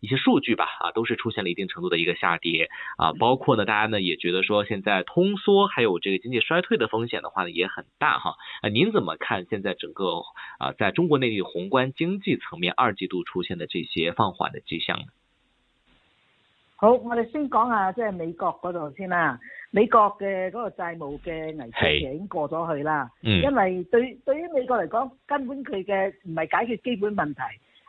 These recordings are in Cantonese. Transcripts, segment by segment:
一些數據吧，啊，都是出現了一定程度的一個下跌，啊，包括呢，大家呢也覺得說現在通縮還有這個經濟衰退的風險的話呢，也很大哈，啊，您怎麼看現在整個啊，在中國內地宏觀經濟層面二季度出現的這些放緩的跡象呢？好，我哋先講下即係美國嗰度先啦，美國嘅嗰個債務嘅危機已經過咗去啦，嗯，因為對對於美國嚟講，根本佢嘅唔係解決基本問題。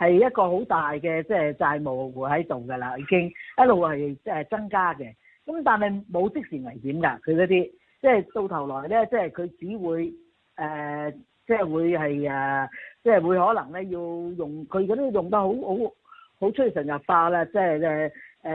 係一個好大嘅即係債務喎喺度㗎啦，已經一路係誒增加嘅。咁但係冇即時危險㗎，佢嗰啲即係到頭來咧，即係佢只會誒，即係會係啊，即係會可能咧要用佢嗰啲用得好好好出神入化啦，即係誒誒，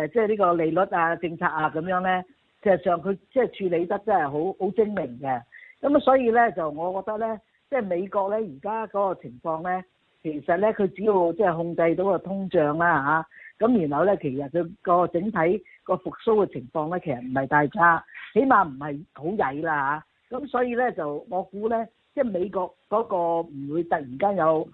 即係呢個利率啊政策啊咁樣咧。事實上佢即係處理得真係好好精明嘅。咁啊，所以咧就我覺得咧，即係美國咧而家嗰個情況咧。其實咧，佢主要即係控制到個通脹啦嚇，咁然後咧，其實佢個整體個復甦嘅情況咧，其實唔係太差，起碼唔係好曳啦嚇。咁所以咧，就我估咧，即係美國嗰個唔會突然間有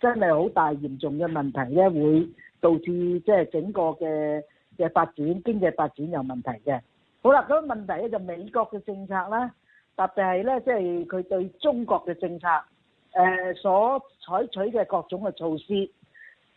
真係好大嚴重嘅問題咧，會導致即係整個嘅嘅發展經濟發展有問題嘅。好啦，咁個問題咧就美國嘅政策啦，特別係咧，即係佢對中國嘅政策。誒、呃、所採取嘅各種嘅措施，誒、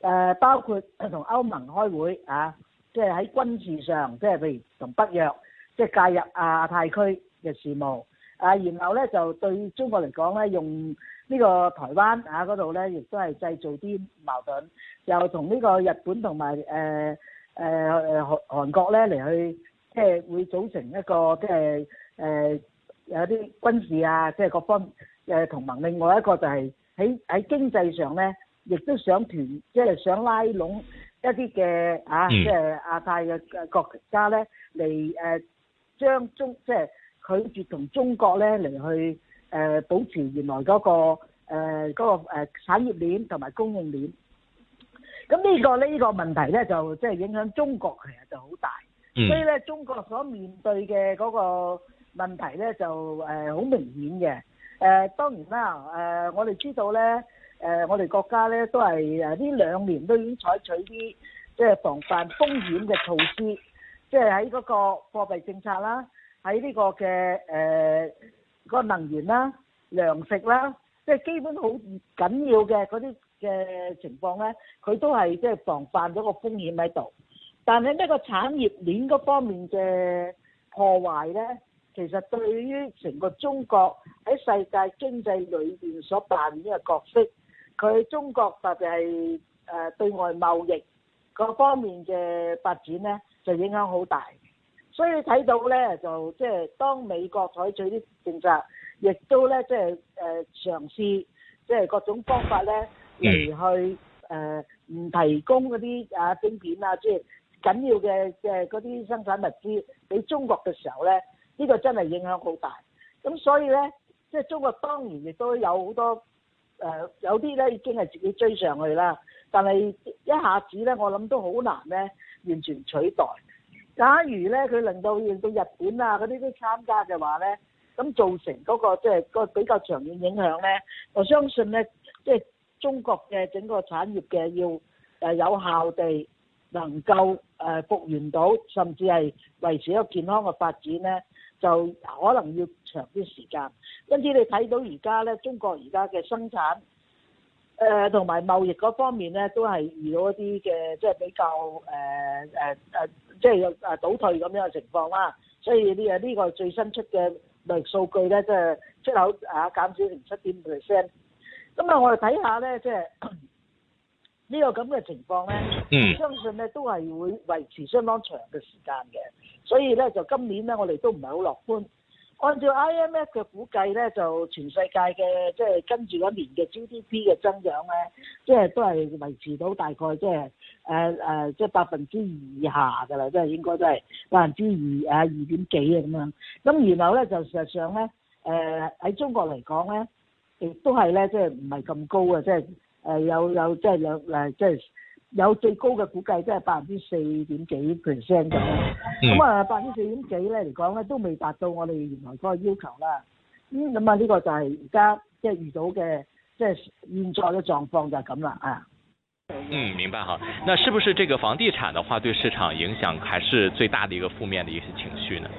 呃、包括同歐盟開會啊，即係喺軍事上，即係譬如同北約，即係介入亞太區嘅事務啊。然後咧就對中國嚟講咧，用呢個台灣啊嗰度咧，亦都係製造啲矛盾。又同呢個日本同埋誒誒誒韓韓國咧嚟去，即係會組成一個即係誒、呃、有啲軍事啊，即係各方，誒同盟，另外一個就係喺喺經濟上咧，亦都想團，即係想拉攏一啲嘅啊，即係亞太嘅國家咧嚟誒，將中即係拒絕同中國咧嚟去誒保持原來嗰個誒嗰個誒產業鏈同埋供應鏈。咁呢個呢個問題咧，就即係影響中國其實就好大，所以咧中國所面對嘅嗰個問題咧，就誒好明顯嘅。誒、呃、當然啦，誒、呃、我哋知道咧，誒、呃、我哋國家咧都係誒呢兩年都已經採取啲即係防範風險嘅措施，即係喺嗰個貨幣政策啦，喺呢個嘅誒嗰個能源啦、糧食啦，即、就、係、是、基本好緊要嘅嗰啲嘅情況咧，佢都係即係防範咗個風險喺度。但係呢個產業鏈嗰方面嘅破壞咧，其實對於成個中國喺世界經濟裏邊所扮演嘅角色，佢中國特別係誒對外貿易各方面嘅發展咧，就影響好大。所以睇到咧，就即係當美國採取啲政策，亦都咧即係誒嘗試即係各種方法咧嚟去誒唔、呃、提供嗰啲啊晶片啊，即係緊要嘅嘅嗰啲生產物資俾中國嘅時候咧。呢個真係影響好大，咁所以呢，即係中國當然亦都有好多誒，有啲呢已經係自己追上去啦。但係一下子呢，我諗都好難呢完全取代。假如呢佢令到令到日本啊嗰啲都參加嘅話呢，咁造成嗰個即係個比較長遠影響呢，我相信呢，即係中國嘅整個產業嘅要誒有效地能夠誒復原到，甚至係維持一個健康嘅發展呢。就可能要長啲時間，因此你睇到而家咧，中國而家嘅生產，誒同埋貿易嗰方面咧，都係遇到一啲嘅即係比較誒誒誒，即係有倒退咁樣嘅情況啦。所以呢啊呢個最新出嘅貿易數據咧，就是，即係出口啊減少成七點五 percent。咁、這、啊、個這個嗯，我哋睇下咧，即係呢個咁嘅情況咧，我相信咧都係會維持相當長嘅時間嘅。所以咧就今年咧我哋都唔係好樂觀。按照 IMF 嘅估計咧，就全世界嘅即係跟住一年嘅 GDP 嘅增長咧，即係都係維持到大概即係誒誒即係百分之二以下㗎啦，即係應該都係百分之二誒二點幾啊咁樣。咁然後咧就事實上咧，誒、呃、喺中國嚟講咧，亦都係咧即係唔係咁高嘅，即係誒有有即係有，即係。有最高嘅估計，即係百分之四點幾 percent 咁。咁、嗯、啊，百分之四點幾咧嚟講咧，都未達到我哋原來嗰個要求啦。咁咁啊，呢個就係而家即係遇到嘅，即係現在嘅狀況就係咁啦。啊。嗯，明白哈。那是不是這個房地產的話，對市場影響，還是最大的一個負面嘅一些情緒呢？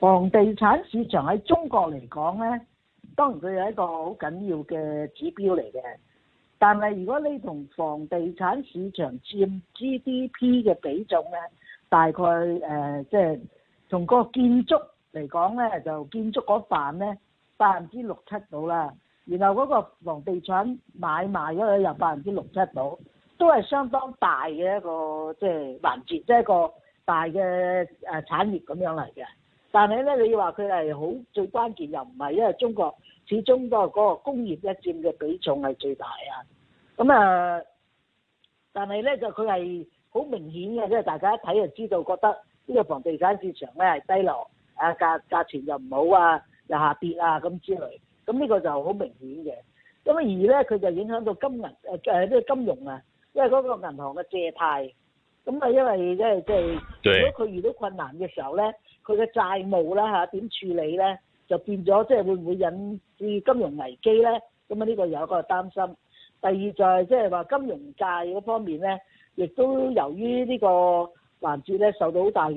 房地產市場喺中國嚟講咧，當然佢係一個好緊要嘅指標嚟嘅。但係如果你同房地產市場佔 GDP 嘅比重咧，大概誒即係從嗰個建築嚟講咧，就建築嗰份咧，百分之六七到啦。然後嗰個房地產買賣咗，個又百分之六七到，都係相當大嘅一個即係環節，即係一個大嘅誒產業咁樣嚟嘅。但係咧，你要話佢係好最關鍵，又唔係因為中國。始終都係嗰個工業一佔嘅比重係最大啊！咁啊，但係咧就佢係好明顯嘅，即係大家一睇就知道，覺得呢個房地產市場咧係低落，誒價價錢又唔好啊，又下跌啊咁之類，咁、這、呢個就好明顯嘅。咁而咧佢就影響到金銀誒誒，即係金融啊，因為嗰個銀行嘅借貸，咁啊因為即係即係如果佢遇到困難嘅時候咧，佢嘅債務啦吓點處理咧？就變咗，即係會唔會引致金融危機咧？咁啊，呢個有一個擔心。第二就係即係話金融界嗰方面咧，亦都由於這個呢個環節咧受到好大嘅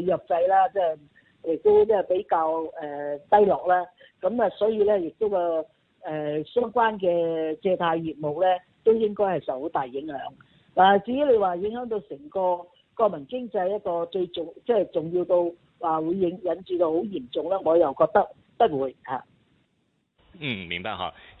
約制啦，即係亦都即係比較誒、呃、低落啦。咁啊，所以咧亦都個誒、呃、相關嘅借貸業務咧，都應該係受好大影響。但係，至於你話影響到成個國民經濟一個最重，即、就、係、是、重要到。話會影引致到好嚴重咧，我又覺得不會吓。嗯，明白吓。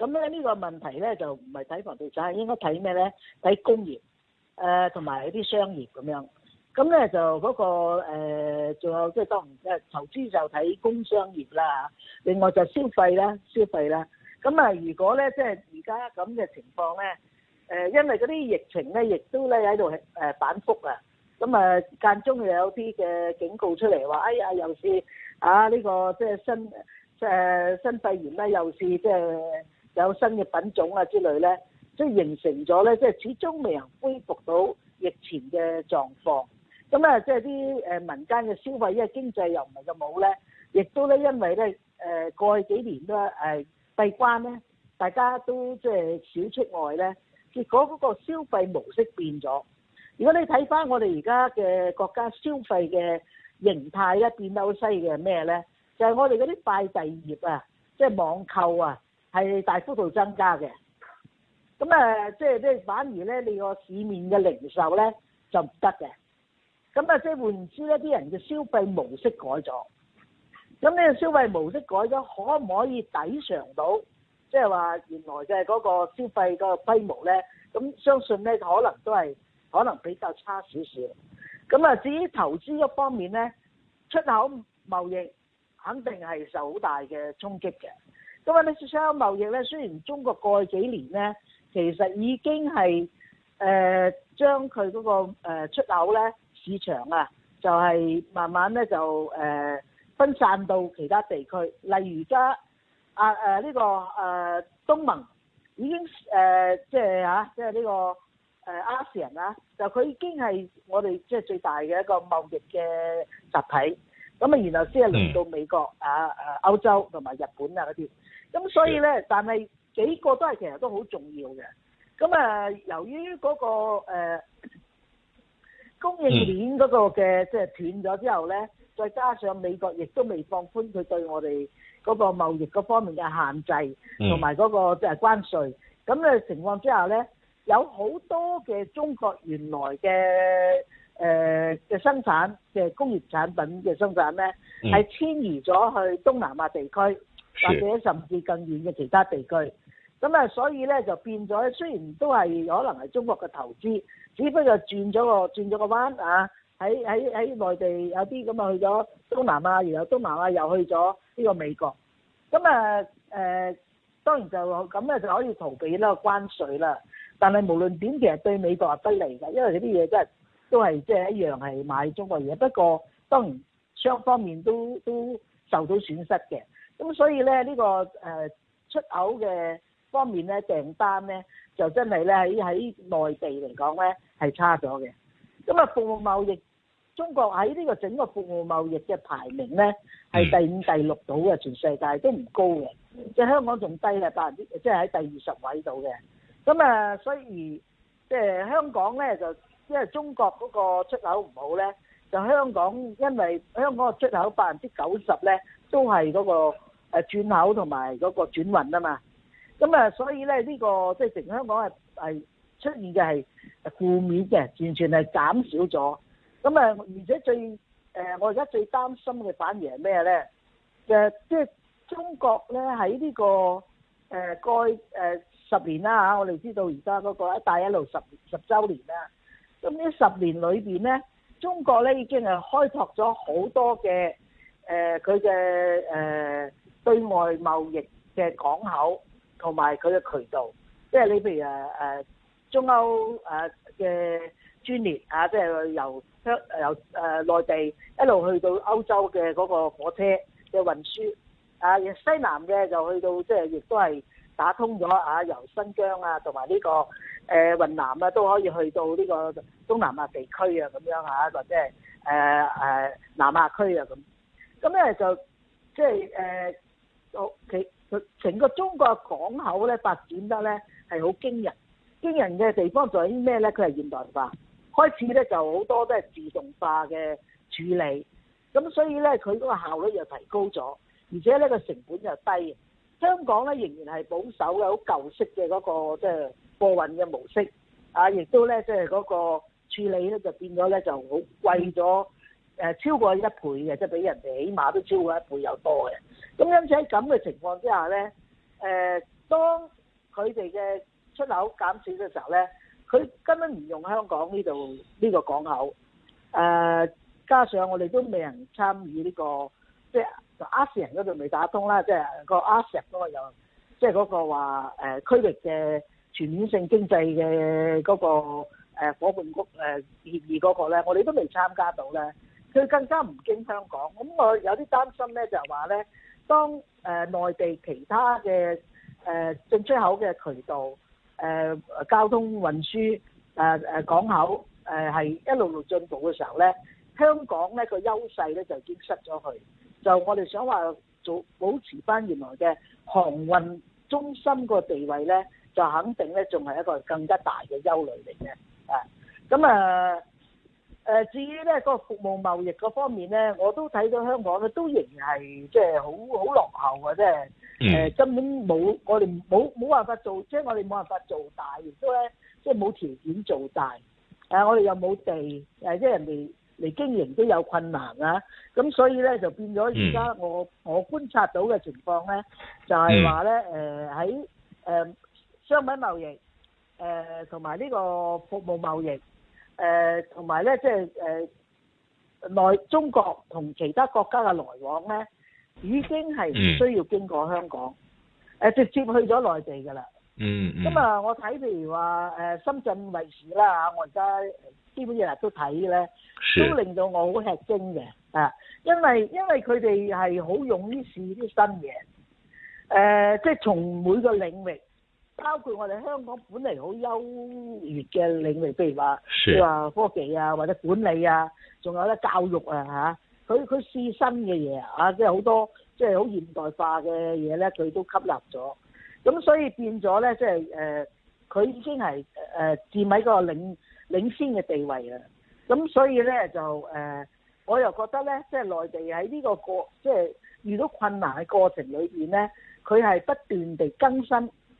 咁咧呢個問題咧就唔係睇房地產，應該睇咩咧？睇工業，誒同埋啲商業咁樣。咁咧就嗰個誒，仲有即係當然誒，投資就睇工商業啦。另外就消費啦，消費啦。咁啊，如果咧即係而家咁嘅情況咧，誒，因為嗰啲疫情咧，亦都咧喺度誒反覆啊。咁啊，間中又有啲嘅警告出嚟，話哎呀，又是啊呢個即係新誒新肺炎咧，又是即係。有新嘅品種啊之類咧，即係形成咗咧，即係始終未能恢復到疫前嘅狀況。咁啊，即係啲誒民間嘅消費，因為經濟又唔係咁好咧，亦都咧因為咧誒過去幾年啦誒閉關咧，大家都即係少出外咧，結果嗰個消費模式變咗。如果你睇翻我哋而家嘅國家消費嘅形態咧，變得好犀嘅係咩咧？就係我哋嗰啲快遞業啊，即係網購啊。係大幅度增加嘅，咁啊，即係咧，反而咧，你個市面嘅零售咧就唔得嘅，咁啊，即係換之一啲人嘅消費模式改咗，咁呢個消費模式改咗，可唔可以抵償到，即係話原來嘅嗰個消費個規模咧？咁相信咧，可能都係可能比較差少少。咁啊，至於投資嗰方面咧，出口貿易肯定係受好大嘅衝擊嘅。咁啊！你出口貿易咧，雖然中國過去幾年咧，其實已經係誒將佢嗰個、呃、出口咧市場啊，就係、是、慢慢咧就誒、呃、分散到其他地區。例如而家啊誒呢、啊這個誒、啊、東盟已經誒即係嚇，即係呢個誒亞視人啊，就佢已經係我哋即係最大嘅一個貿易嘅集體。咁啊，然後先係嚟到美國啊歐洲同埋日本啊嗰啲。咁所以咧，但係幾個都係其實都好重要嘅。咁啊，由於嗰個誒供應鏈嗰個嘅即係斷咗之後咧，再加上美國亦都未放寬佢對我哋嗰個貿易嗰方面嘅限制，同埋嗰個即係關稅，咁嘅情況之下咧，有好多嘅中國原來嘅誒嘅生產嘅工業產品嘅生產咧，係遷移咗去東南亞地區。或者甚至更遠嘅其他地區，咁啊，所以咧就變咗咧。雖然都係可能係中國嘅投資，只不過轉咗個轉咗個彎啊！喺喺喺內地有啲咁啊，去咗東南亞，然後東南亞又去咗呢個美國。咁啊誒，當然就咁咧就可以逃避啦關稅啦。但係無論點，其實對美國係不利嘅，因為呢啲嘢真係都係即係一樣係買中國嘢。不過當然雙方面都都受到損失嘅。咁所以咧呢個誒出口嘅方面咧訂單咧就真係咧喺喺內地嚟講咧係差咗嘅。咁啊服務貿易，中國喺呢個整個服務貿易嘅排名咧係第五第六度嘅，全世界都唔高嘅，即係香港仲低係百分之，即係喺第二十位度嘅。咁啊所以即係香港咧就因為中國嗰個出口唔好咧，就香港因為香港嘅出口百分之九十咧都係嗰個。誒轉口同埋嗰個轉運啊嘛，咁啊，所以咧呢個即係成香港係係出現嘅係負面嘅，完全係減少咗。咁啊，而且最誒，我而家最擔心嘅反而係咩咧？誒即係中國咧喺呢個誒該誒十年啦嚇，我哋知道而家嗰個一帶一路十十週年啦。咁呢十年裏邊咧，中國咧已經係開拓咗好多嘅誒佢嘅誒。對外貿易嘅港口同埋佢嘅渠道，即係你譬如誒誒中歐誒嘅專列啊，即係由香由誒內地一路去到歐洲嘅嗰個火車嘅運輸啊，而西南嘅就去到即係亦都係打通咗啊，由新疆啊同埋呢個誒雲南啊都可以去到呢個東南亞地區啊咁樣嚇，或者係誒誒南亞區啊咁，咁咧就即係誒。O K，佢整個中國嘅港口咧發展得咧係好驚人，驚人嘅地方在於咩咧？佢係現代化，開始咧就好多都係自動化嘅處理，咁所以咧佢嗰個效率又提高咗，而且咧個成本又低。香港咧仍然係保守嘅好舊式嘅嗰、那個即係貨運嘅模式，啊，亦都咧即係嗰個處理咧就變咗咧就好貴咗，誒、呃、超過一倍嘅，即、就、係、是、畀人哋起碼都超過一倍有多嘅。咁因此喺咁嘅情況之下咧，誒、呃，當佢哋嘅出口減少嘅時候咧，佢根本唔用香港呢度呢個港口。誒、呃，加上我哋都未能參與呢、這個，即係阿石人嗰度未打通啦，即係個阿石嗰個又即係嗰個話誒區域嘅全面性經濟嘅嗰、那個伙伴國誒協議嗰個咧，我哋都未參加到咧。佢更加唔經香港，咁我有啲擔心咧，就話、是、咧。當誒內地其他嘅誒進出口嘅渠道誒交通運輸誒誒港口誒係一路路進步嘅時候咧，香港咧個優勢咧就已經失咗去，就我哋想話做保持返原來嘅航運中心個地位咧，就肯定咧仲係一個更加大嘅憂慮嚟嘅啊！咁啊～誒、呃、至於咧，個服務貿易嗰方面咧，我都睇到香港咧都仍然係即係好好落後嘅。即係誒根本冇我哋冇冇辦法做，即係我哋冇辦法做大，亦都咧即係冇條件做大。誒、呃、我哋又冇地，誒即係人哋嚟經營都有困難啊！咁所以咧就變咗而家我、嗯、我觀察到嘅情況咧，就係話咧誒喺誒商品貿易誒同埋呢個服務貿易。誒同埋咧，即係誒內中國同其他國家嘅來往咧，已經係唔需要經過香港，誒、嗯呃、直接去咗內地㗎啦。嗯咁啊、嗯呃，我睇譬如話深圳衛視啦，我而家基本日日都睇咧，都令到我好吃驚嘅啊！因為因為佢哋係好勇於試啲新嘢，即、呃、係、就是、從每個領域。包括我哋香港本嚟好優越嘅領域，譬如話，譬如話科技啊，或者管理啊，仲有咧教育啊嚇，佢佢試新嘅嘢啊，即係好多即係好現代化嘅嘢咧，佢都吸納咗。咁所以變咗咧，即係誒，佢、呃、已經係誒、呃、佔喺個領領先嘅地位啦。咁所以咧就誒、呃，我又覺得咧，即、就、係、係、內地喺呢、呢個過即係遇到困難嘅過程裏邊咧，佢係不斷地更新。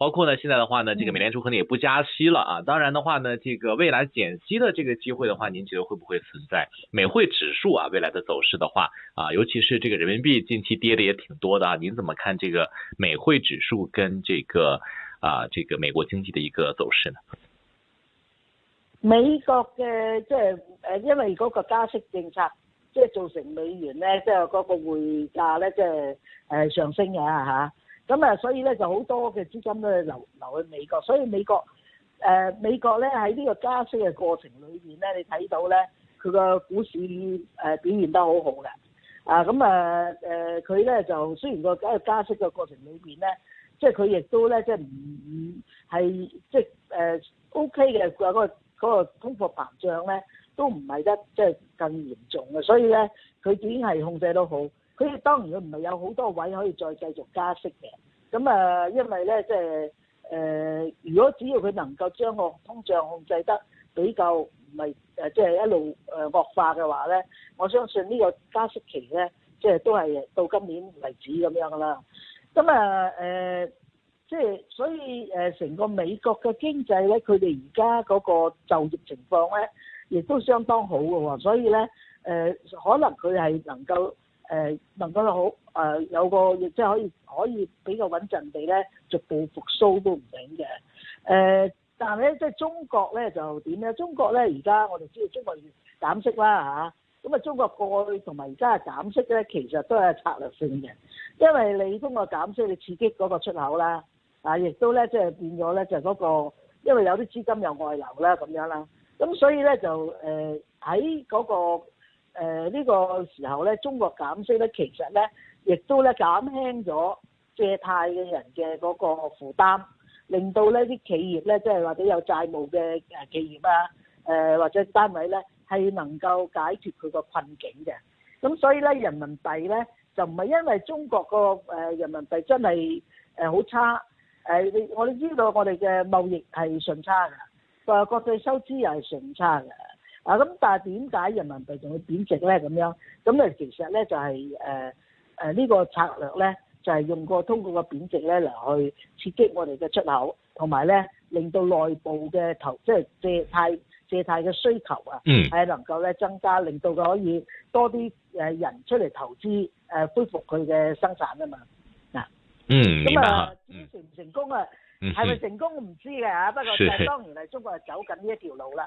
包括呢，現在的話呢，這個美聯儲可能也不加息了啊。當然的話呢，這個未來減息的這個機會的話，您覺得會不會存在？美匯指數啊，未來的走勢的話啊，尤其是這個人民幣近期跌的也挺多的啊，您怎麼看這個美匯指數跟這個啊這個美國經濟的一個走勢呢？美國嘅即係誒，因為嗰個加息政策即係、就是、造成美元呢，即係嗰個匯價呢，即係誒上升嘅吓、啊。咁啊，所以咧就好多嘅資金都係流流去美國，所以美國誒、呃、美國咧喺呢個加息嘅過程裏邊咧，你睇到咧佢個股市誒、呃呃、表現得好好嘅。啊，咁啊誒，佢、呃、咧就雖然個喺加息嘅過程裏邊咧，即係佢亦都咧即係唔係即係誒 O K 嘅，佢、呃、嗰、OK 嗰個嗰、嗰個、通貨膨脹咧都唔係得即係更嚴重嘅，所以咧佢點係控制都好。佢當然佢唔係有好多位可以再繼續加息嘅。咁啊，因為咧，即係誒，如果只要佢能夠將個通脹控制得比較唔係誒，即係一路誒惡化嘅話咧，我相信呢個加息期咧，即係都係到今年為止咁樣噶啦。咁啊誒，即係所以誒，成個美國嘅經濟咧，佢哋而家嗰個就業情況咧，亦都相當好嘅喎。所以咧，誒可能佢係能夠。誒能夠得好誒有個亦、呃、即係可以可以比較穩陣地咧逐步復甦都唔定嘅，誒、呃，但係咧即係中國咧就點咧？中國咧而家我哋知道中國要減息啦吓，咁啊中國過去同埋而家嘅減息咧，其實都係策略性嘅，因為你通過減息你刺激嗰個出口啦，啊，亦都咧即係變咗咧就嗰、係嗰個，因為有啲資金有外流啦咁樣啦，咁所以咧就誒喺嗰個。誒、呃、呢、這個時候咧，中國減息咧，其實咧，亦都咧減輕咗借貸嘅人嘅嗰個負擔，令到呢啲企業咧，即係或者有債務嘅企業啊，誒、呃、或者單位咧，係能夠解決佢個困境嘅。咁所以咧，人民幣咧就唔係因為中國個、呃、人民幣真係誒好差，你、呃、我哋知道我哋嘅貿易係順差㗎，國際收支又係順差㗎。啊咁，但係點解人民幣仲會貶值咧？咁樣咁咧，其實咧就係誒誒呢個策略咧，就係用個通過個貶值咧嚟去刺激我哋嘅出口，同埋咧令到內部嘅投即係借貸借貸嘅需求啊，嗯，係能夠咧增加，令到佢可以多啲誒人出嚟投資，誒、呃、恢復佢嘅生產啊嘛，嗱、啊，嗯，咁、嗯、啊，成唔成功啊？係、嗯、咪成功唔知嘅嚇、啊，不過就係當然係中國係走緊呢一條路啦。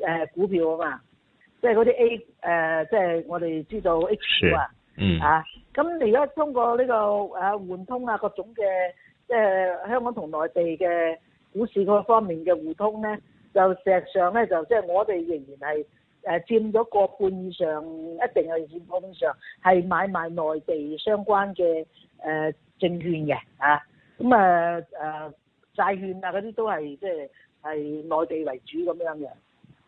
誒股票啊嘛，即係嗰啲 A 誒、呃，即、就、係、是、我哋知道 H 股啊是、嗯，啊，咁而家通過呢、這個誒、啊、換通啊，各種嘅即係香港同內地嘅股市各方面嘅互通咧，就實際上咧就即係、就是、我哋仍然係誒、啊、佔咗過半以上，一定係佔過半以上，係買賣內地相關嘅誒證券嘅，啊，咁啊，誒、啊啊、債券啊嗰啲都係即係係內地為主咁樣嘅。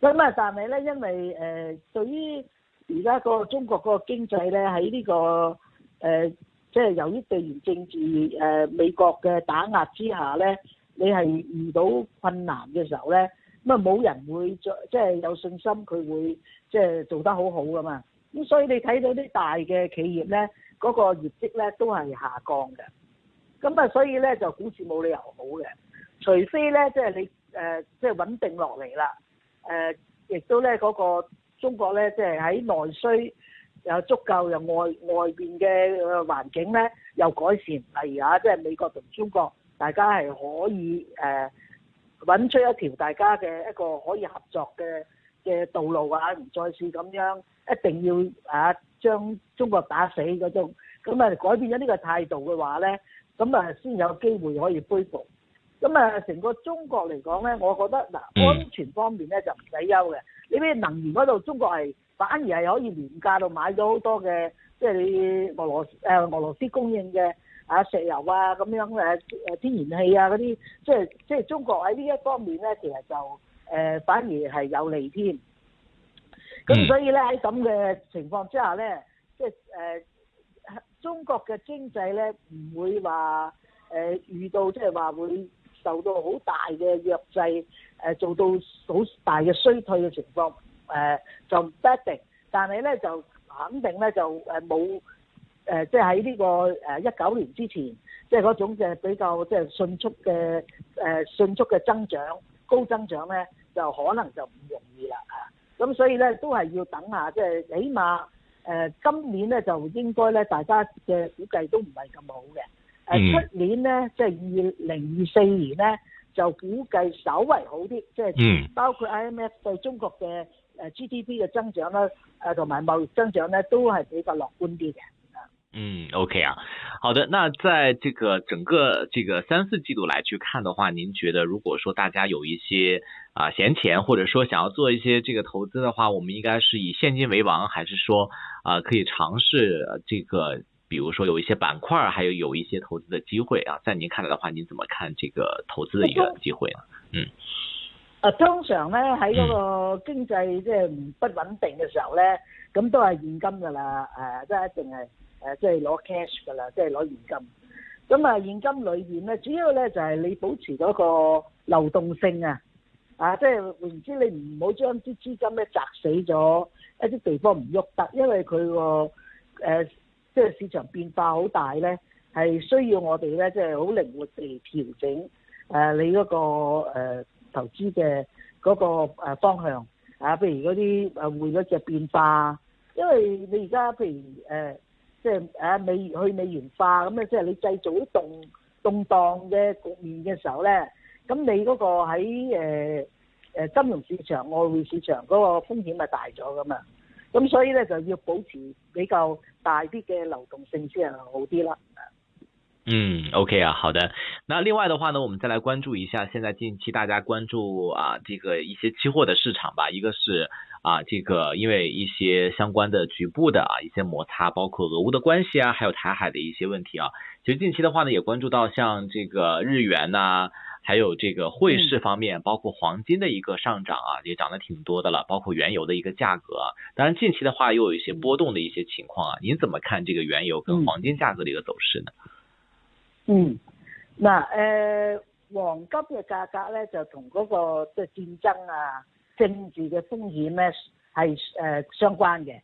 咁啊，但係咧，因為誒，對、呃、於而家個中國個經濟咧，喺呢、這個誒，即、呃、係、就是、由於地緣政治誒、呃、美國嘅打壓之下咧，你係遇到困難嘅時候咧，咁啊冇人會再即係、就是、有信心佢會即係、就是、做得很好好噶嘛。咁所以你睇到啲大嘅企業咧，嗰、那個業績咧都係下降嘅。咁啊，所以咧就好似冇理由好嘅，除非咧即係你誒即係穩定落嚟啦。誒、呃，亦都咧嗰、那個中國咧，即係喺內需有足夠，又外外邊嘅環境咧又改善，例如啊，即、就、係、是、美國同中國，大家係可以誒搵、呃、出一條大家嘅一個可以合作嘅嘅道路啊，唔再是咁樣一定要啊將中國打死嗰種，咁啊改變咗呢個態度嘅話咧，咁啊先有機會可以恢復。咁啊，成個中國嚟講咧，我覺得嗱，安全方面咧就唔使憂嘅。呢邊能源嗰度，中國係反而係可以廉價到買到好多嘅，即係你俄羅誒俄羅斯供應嘅啊石油啊咁樣誒誒天然氣啊嗰啲，即係即係中國喺呢一方面咧，其實就誒反而係有利添。咁所以咧喺咁嘅情況之下咧，即係誒，中國嘅經濟咧唔會話誒遇到即係話會受到好大嘅約制，誒做到好大嘅衰退嘅情況，誒、呃、就唔一定。但係咧就肯定咧就誒冇誒，即係喺呢個誒一九年之前，即係嗰種嘅比較即係迅速嘅誒、呃、迅速嘅增長、高增長咧，就可能就唔容易啦啊！咁所以咧都係要等下，即係起碼誒、呃、今年咧就應該咧大家嘅估計都唔係咁好嘅。誒、啊、出年呢，即係二零二四年呢，就估計稍為好啲，即、就、係、是、包括 IMF 對中國嘅 GDP 嘅增、啊、增長呢，誒同埋貿易增長咧，都係比較樂觀啲嘅。嗯，OK 啊，好的。那在這個整個這個三四季度來去看的話，您覺得，如果說大家有一些啊閒、呃、錢，或者說想要做一些這個投資的話，我們應該是以現金為王，還是說啊、呃、可以嘗試這個比如說有一些板塊，還有有一些投資的機會啊。在您看來的話，你怎麼看這個投資的一個機會呢？嗯，呃、啊，通常咧喺嗰個經濟即係唔穩定嘅時候咧，咁、嗯、都係現金噶啦，誒、啊，即係一定係誒即係攞 cash 噶啦，即係攞現金。咁啊，現金裏邊咧，主要咧就係你保持嗰個流動性啊，啊，即係換言之，你唔好將啲資金咧砸死咗一啲地方唔喐得，因為佢個誒。呃即係市場變化好大咧，係需要我哋咧，即係好靈活地調整誒你嗰個誒投資嘅嗰個方向啊，譬如嗰啲誒匯率嘅變化，因為你而家譬如誒即係誒美去美元化咁咧，即係你製造一動動盪嘅局面嘅時候咧，咁你嗰個喺誒誒金融市場、外匯市場嗰個風險咪大咗噶嘛？咁所以呢，就要保持比較大啲嘅流動性先係好啲啦。嗯，OK 啊，好的。那另外的話呢，我們再來關注一下，現在近期大家關注啊，這個一些期貨的市場吧。一個是啊，這個因為一些相關的局部的啊一些摩擦，包括俄烏的關係啊，還有台海的一些問題啊。其實近期的話呢，也關注到像這個日元啊。還有這個匯市方面，包括黃金的一個上漲啊，也漲得挺多的了。包括原油的一個價格，當然近期的話又有一些波動的一些情況啊。您怎麼看這個原油跟黃金價格的一個走勢呢？嗯，嗱，誒、呃，黃金嘅價格咧就同嗰個即係戰爭啊、政治嘅風險係誒相關嘅。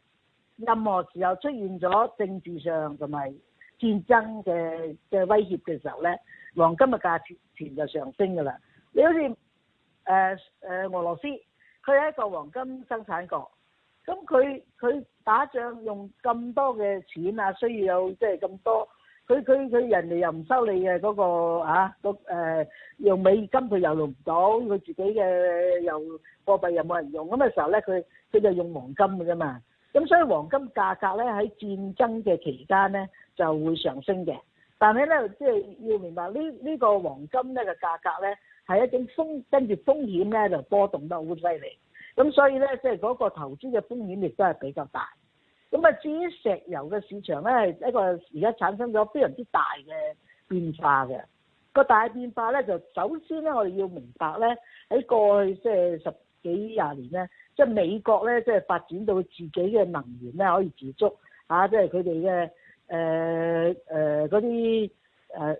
任何時候出現咗政治上，同埋。戰爭嘅嘅威脅嘅時候咧，黃金嘅價錢就上升噶啦。你好似誒誒俄羅斯，佢係一個黃金生產國，咁佢佢打仗用咁多嘅錢啊，需要有即係咁多，佢佢佢人哋又唔收你嘅嗰個嚇、啊那個呃，用美金佢又用唔到，佢自己嘅又貨幣又冇人用，咁嘅時候咧，佢佢就用黃金噶啫嘛。咁所以黃金價格咧喺戰爭嘅期間咧就會上升嘅，但係咧即係要明白呢呢個黃金咧嘅價格咧係一種風跟住風險咧就波動得好犀利，咁所以咧即係嗰個投資嘅風險亦都係比較大。咁啊至於石油嘅市場咧係一個而家產生咗非常之大嘅變化嘅，個大變化咧就首先咧我哋要明白咧喺過去即係十幾廿年咧。即係美國咧，即係發展到自己嘅能源咧，可以自足嚇、啊。即係佢哋嘅誒誒嗰啲誒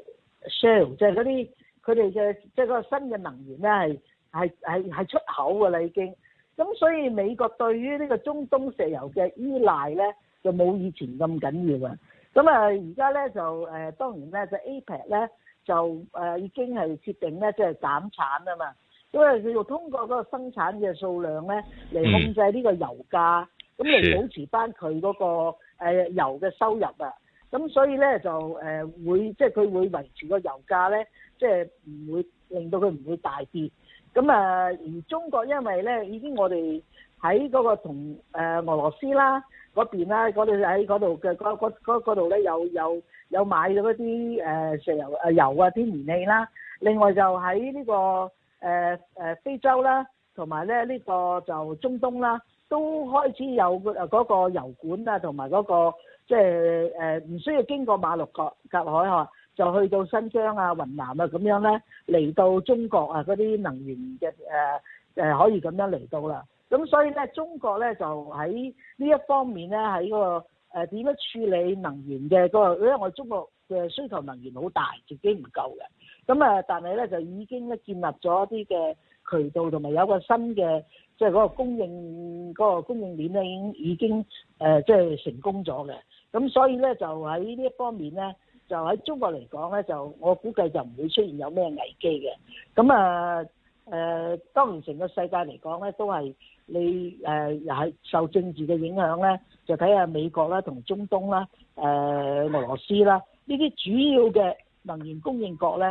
shale，他們的即係嗰啲佢哋嘅即係嗰個新嘅能源咧，係係係係出口㗎啦，已經。咁所以美國對於呢個中東石油嘅依賴咧，就冇以前咁緊要那啊。咁啊，而家咧就誒、呃，當然咧，就 OPEC 咧就誒已經係設定咧，即係減產啊嘛。因為佢要通過嗰個生產嘅數量咧，嚟控制呢個油價，咁、嗯、嚟保持翻佢嗰個油嘅收入啊。咁所以咧就誒會，即係佢會維持個油價咧，即係唔會令到佢唔會大跌。咁啊，而中國因為咧已經我哋喺嗰個同誒俄羅斯啦嗰邊啦、啊，嗰度喺嗰度嘅嗰度咧，有有有買咗一啲誒石油啊油啊天然氣啦。另外就喺呢、呢個。誒、呃呃、非洲啦，同埋咧呢、呢個就中東啦，都開始有嗰個油管啊，同埋嗰個即係誒唔需要經過馬六甲隔海、啊、就去到新疆啊、雲南啊咁樣咧，嚟到中國啊嗰啲能源嘅、呃呃、可以咁樣嚟到啦。咁所以咧，中國咧就喺呢一方面咧，喺嗰、嗰個誒點樣處理能源嘅嗰個，因為我中國嘅需求能源好大，自己唔夠嘅。咁啊，但係咧就已經咧建立咗一啲嘅渠道，同埋有個新嘅，即係嗰個供應嗰個供應鏈咧，已經已經誒即係成功咗嘅。咁所以咧就喺呢一方面咧，就喺中國嚟講咧，就我估計就唔會出現有咩危機嘅。咁啊誒、呃，當然成個世界嚟講咧，都係你誒又係、呃、受政治嘅影響咧，就睇下美國啦、同中東啦、誒、呃、俄羅斯啦呢啲主要嘅能源供應國咧。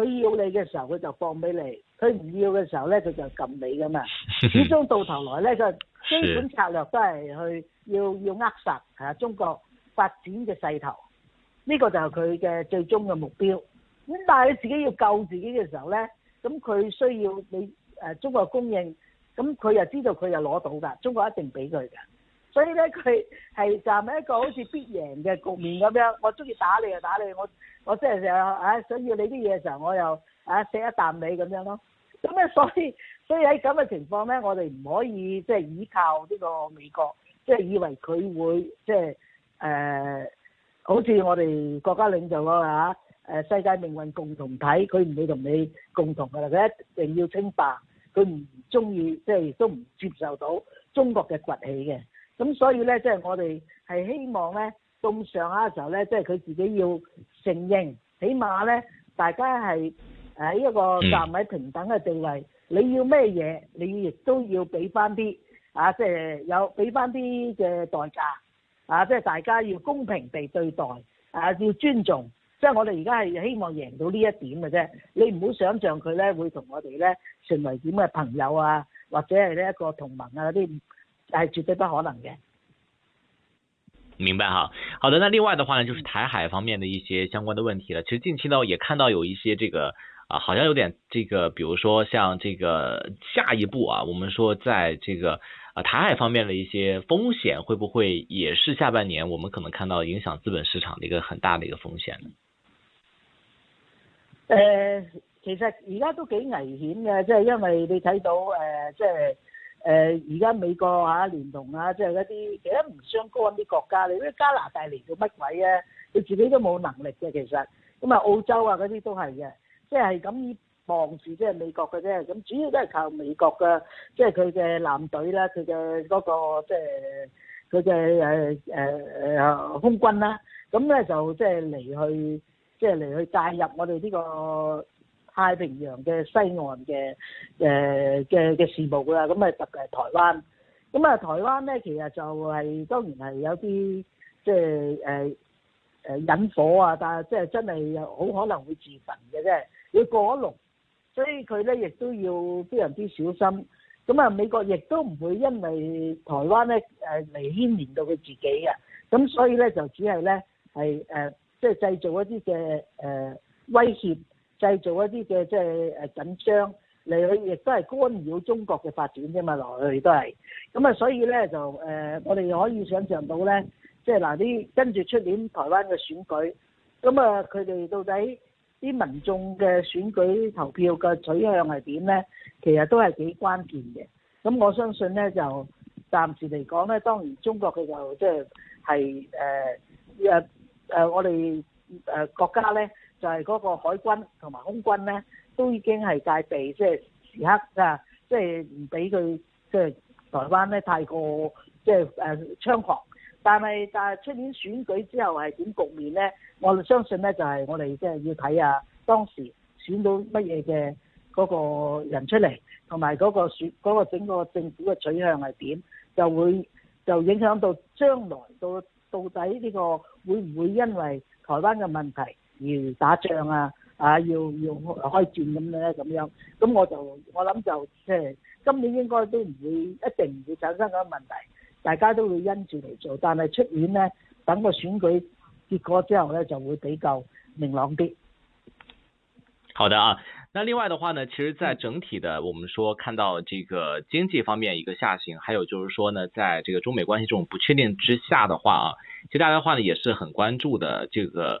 佢要你嘅時候，佢就放俾你；佢唔要嘅時候咧，佢就撳你噶嘛。始終到頭來咧，就基本策略都係去要要扼殺啊中國發展嘅勢頭。呢、呢個就係佢嘅最終嘅目標。咁但係你自己要救自己嘅時候咧，咁佢需要你誒中國供應，咁佢又知道佢又攞到㗎，中國一定俾佢㗎。所以咧，佢係站喺一個好似必贏嘅局面咁樣。我中意打你就、啊、打你，我我即係成日想要你啲嘢嘅時候，我又啊錫一啖你咁樣咯。咁咧，所以所以喺咁嘅情況咧，我哋唔可以即係依靠呢個美國，即、就、係、是、以為佢會即係誒，好似我哋國家領袖個嚇誒世界命運共同體，佢唔會同你共同嘅啦，佢一定要稱霸，佢唔中意即係亦都唔接受到中國嘅崛起嘅。咁所以咧，即係我哋係希望咧，咁上下嘅時候咧，即係佢自己要承認，起碼咧，大家係喺一個站位平等嘅地位，你要咩嘢，你亦都要俾翻啲，啊，即係有俾翻啲嘅代價，啊，即係大家要公平地對待，啊，要尊重，即係我哋而家係希望贏到呢一點嘅啫，你唔好想象佢咧會同我哋咧成為點嘅朋友啊，或者係呢一個同盟啊嗰啲。但係絕對不可能嘅。明白哈，好的，那另外的話呢，就是台海方面的一些相關的問題了。其實近期呢，我也看到有一些這個啊，好像有點這個，比如說像這個下一步啊，我們說在這個啊台海方面的一些風險，會不會也是下半年我們可能看到影響資本市場的一個很大的一個風險呢？誒，其實而家都幾危險嘅，即係因為你睇到誒，即係。誒而家美國啊聯同啊，即係一啲其他唔相干啲國家，你啲加拿大嚟做乜鬼啊？佢自己都冇能力嘅，其實咁啊，澳洲啊嗰啲都係嘅，即係咁望住即係美國嘅啫。咁主要都係靠美國嘅，即係佢嘅艦隊啦，佢嘅嗰個即係佢嘅誒誒誒空軍啦。咁咧就即係嚟去，即係嚟去介入我哋呢個。太平洋嘅西岸嘅誒嘅嘅事務啦，咁啊特別係台灣，咁啊台灣咧，其實就係、是、當然係有啲即係誒誒引火啊，但係即係真係好可能會自焚嘅啫，要過咗龍，所以佢咧亦都要非常之小心。咁啊，美國亦都唔會因為台灣咧誒嚟牽連到佢自己嘅，咁所以咧就只係咧係誒即係製造一啲嘅誒威脅。製造一啲嘅即係誒緊張，嚟去亦都係干擾中國嘅發展啫嘛，落去都係。咁啊，所以咧就誒，我哋可以想像到咧，即係嗱啲跟住出年台灣嘅選舉，咁啊佢哋到底啲民眾嘅選舉投票嘅取向係點咧？其實都係幾關鍵嘅。咁我相信咧就暫時嚟講咧，當然中國佢就即係係誒誒誒我哋誒、呃、國家咧。就係、是、嗰個海軍同埋空軍咧，都已經係戒備，即、就、係、是、時刻啊，即係唔俾佢即係台灣咧，太過即係誒猖狂。但係但係出年選舉之後係點局面咧？我相信咧，就係、是、我哋即係要睇下當時選到乜嘢嘅嗰個人出嚟，同埋嗰個選、那個、整個政府嘅取向係點，就會就影響到將來到到底呢個會唔會因為台灣嘅問題？要打仗啊！啊，要要開開戰咁咧，咁樣咁我就我諗就即係今年應該都唔會一定唔會產生嗰個問題，大家都會因住嚟做，但係出年呢，等個選舉結果之後呢，就會比較明朗啲。好的啊，那另外的話呢，其實在整體的，我們說看到這個經濟方面一個下行，還有就是說呢，在這個中美關係這種不確定之下的話啊，其實大家話呢也是很關注的這個。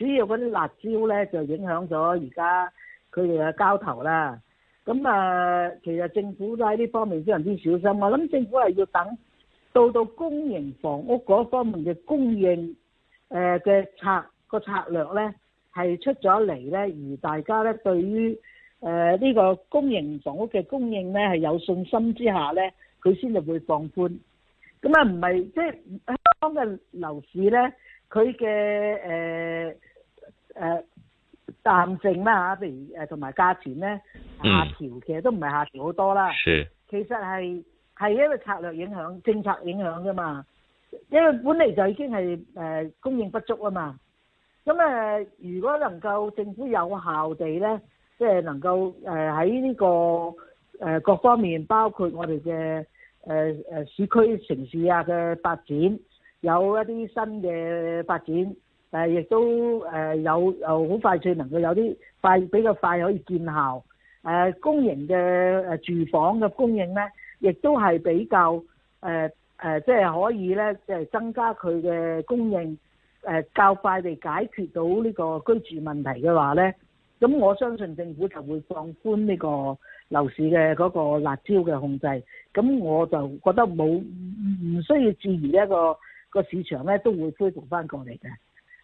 主要嗰啲辣椒咧，就影響咗而家佢哋嘅交投啦。咁啊，其實政府都喺呢方面非常之小心、啊。我諗政府係要等到到公營房屋嗰方面嘅供應，誒、呃、嘅策個策略咧係出咗嚟咧，而大家咧對於誒呢、呃呢個公營房屋嘅供應咧係有信心之下咧，佢先就會放寬。咁啊，唔係即係香港嘅樓市咧，佢嘅誒。呃誒彈性啦嚇，譬、啊、如同埋、啊、價錢咧、嗯、下調，其實都唔係下調好多啦。其實係係因為策略影響、政策影響㗎嘛，因為本嚟就已經係、呃、供應不足啊嘛。咁誒、呃，如果能夠政府有效地咧，即、就、係、是、能夠誒喺呢個誒、呃、各方面，包括我哋嘅誒誒市區城市啊嘅發展，有一啲新嘅發展。誒、啊，亦都誒有，有好快脆能夠有啲快比較快可以見效。誒、啊、公營嘅、啊、住房嘅供應咧，亦都係比較誒即係可以咧、就是、增加佢嘅供應，誒、啊、較快地解決到呢個居住問題嘅話咧，咁我相信政府就會放寬呢個樓市嘅嗰個辣招嘅控制。咁我就覺得冇唔需要質疑呢一個、這個市場咧，都會恢復翻過嚟嘅。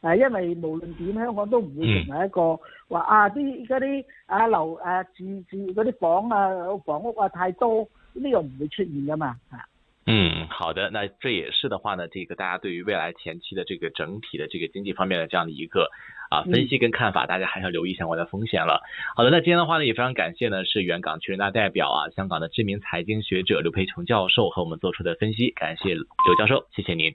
係，因為無論點，香港都唔會成為一個話、嗯、啊啲而家啲啊樓啊、住住嗰啲房啊房屋啊太多，呢個唔會出現噶嘛嚇。嗯，好的，那這也是的話呢，這個大家對於未來前期的這個整體的這個經濟方面的這樣的一個啊分析跟看法，大家還要留意相關的風險了、嗯。好的，那今天的話呢，也非常感謝呢，是原港區人大代表啊，香港的知名財經學者劉佩瓊教授和我們做出的分析，感謝劉教授，謝謝您。